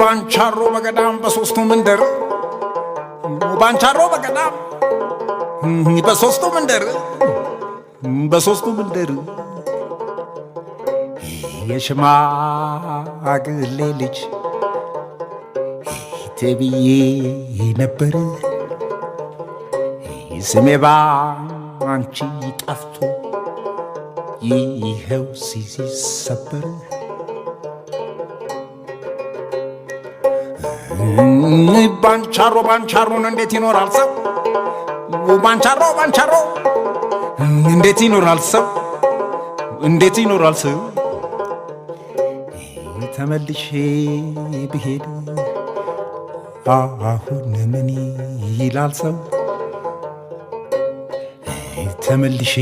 ባንቻሮ በገዳም በሶስቱ መንደር ባንቻሮ በገዳም በሶስቱ መንደር በሶስቱ መንደር የሽማግሌ ልጅ ተብዬ ነበር። ስሜ ባንቺ ጠፍቶ ይኸው ሲሰበር ባንቻሮ ባንቻሮን እንዴት ይኖራል ሰው? ባንቻሮ ባንቻሮ እንዴት ይኖራል ሰው? እንዴት ይኖራል ሰው? ተመልሼ ብሄድ አሁን ምን ይላል ሰው? ተመልሼ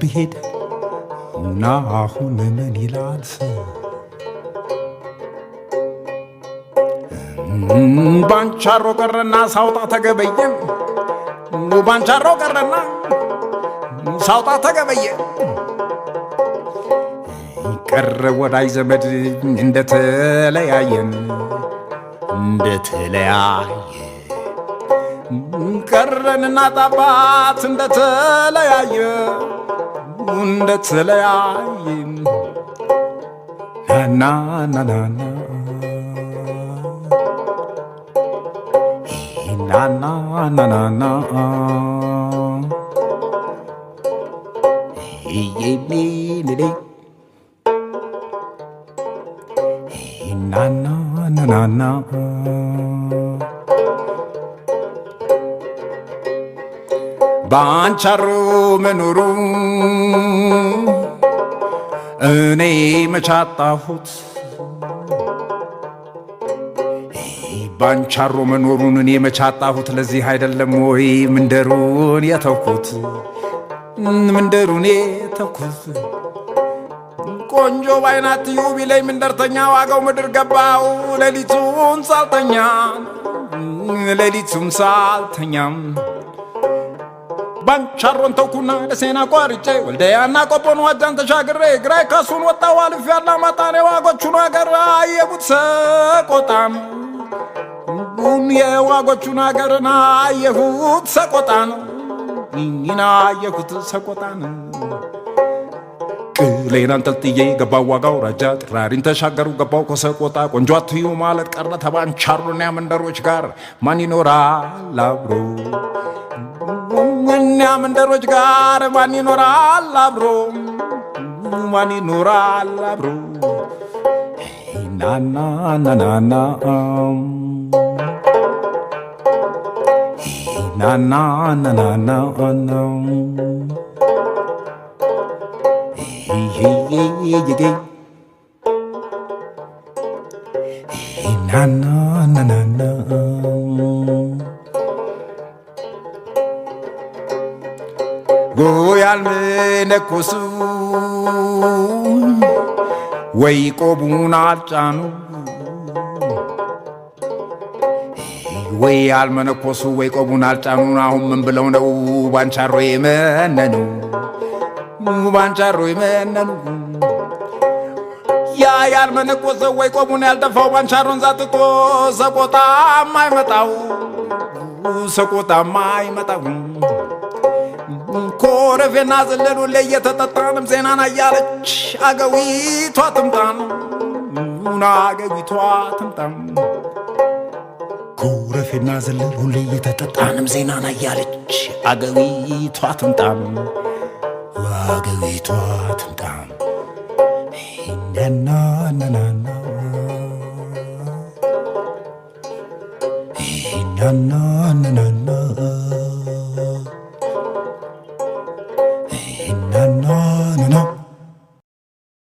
ብሄድ እና አሁን ምን ይላል ሰው? ባንቻሮ ቀረና ሳውጣ ተገበየ ባንቻሮ ቀረና ሳውጣ ተገበየ ቀረ ወዳጅ ዘመድ እንደተለያየን እንደተለያየ ቀረንና ጣባት እንደተለያየ እንደተለያየ ናናናና na na na na na. Hey, hey, me, me, me. Hey, na na na na na. ባንቻሩ መኖሩ እኔ መቻጣሁት ባንቻሮ መኖሩን እኔ መቻጣሁት ለዚህ አይደለም ወይ ምንደሩን የተኩት ምንደሩን የተኩት ቆንጆ ባይናት ዩ ቢለይ ምንደርተኛ ዋጋው ምድር ገባው ሌሊቱን ሳልተኛ ሌሊቱን ሳልተኛም ባንቻሮን ተውኩና ደሴና ቋርጬ ወልደያና ቆቦን ዋጃን ተሻግሬ ግራይ ከሱን ወጣው አልፍ ያላ ማጣኔ ዋጎቹን አገር አየቡት ሰቆጣም ደጉን የዋጎቹን አገርና አየሁት ሰቆጣን እኝና አየሁት ሰቆጣን ቅሌን አንጠልጥዬ ገባው ዋጋ አውራጃ ጥራሪን ተሻገሩ ገባው ከሰቆጣ ቆንጆ አትዩ ማለት ቀረ ተባንቻሩና መንደሮች ጋር ማን ይኖራል አብሮ እኛ መንደሮች ጋር ማን ይኖራል አብሮ ማን ይኖራል አብሮ ናናናናና na na na na na na na na na na na na goyalme neኮሱ ወይ ቆቡን አልጫኑ ወይ አልመነኮሱ ወይ ቆቡን አልጫኑን አሁን ምን ብለው ነው ባንቻሮ የመነኑ ባንቻሮ የመነኑ ያ ያልመነኮሰ ወይ ቆቡን ያልደፋው ባንቻሮን ዛጥቆ ሰቆጣ ማይመጣው ሰቆጣ ማይመጣው ኮረፌና ዘለሉ ለየተጠጣንም ዜናን አያለች አገዊቷ ትምጣን አገዊቷ ትምጣን ኩረፌና ዘለል ሁሌ ዜና ዜናና እያለች አገቢቷ ትምጣም አገቢቷ ትምጣም ናናናና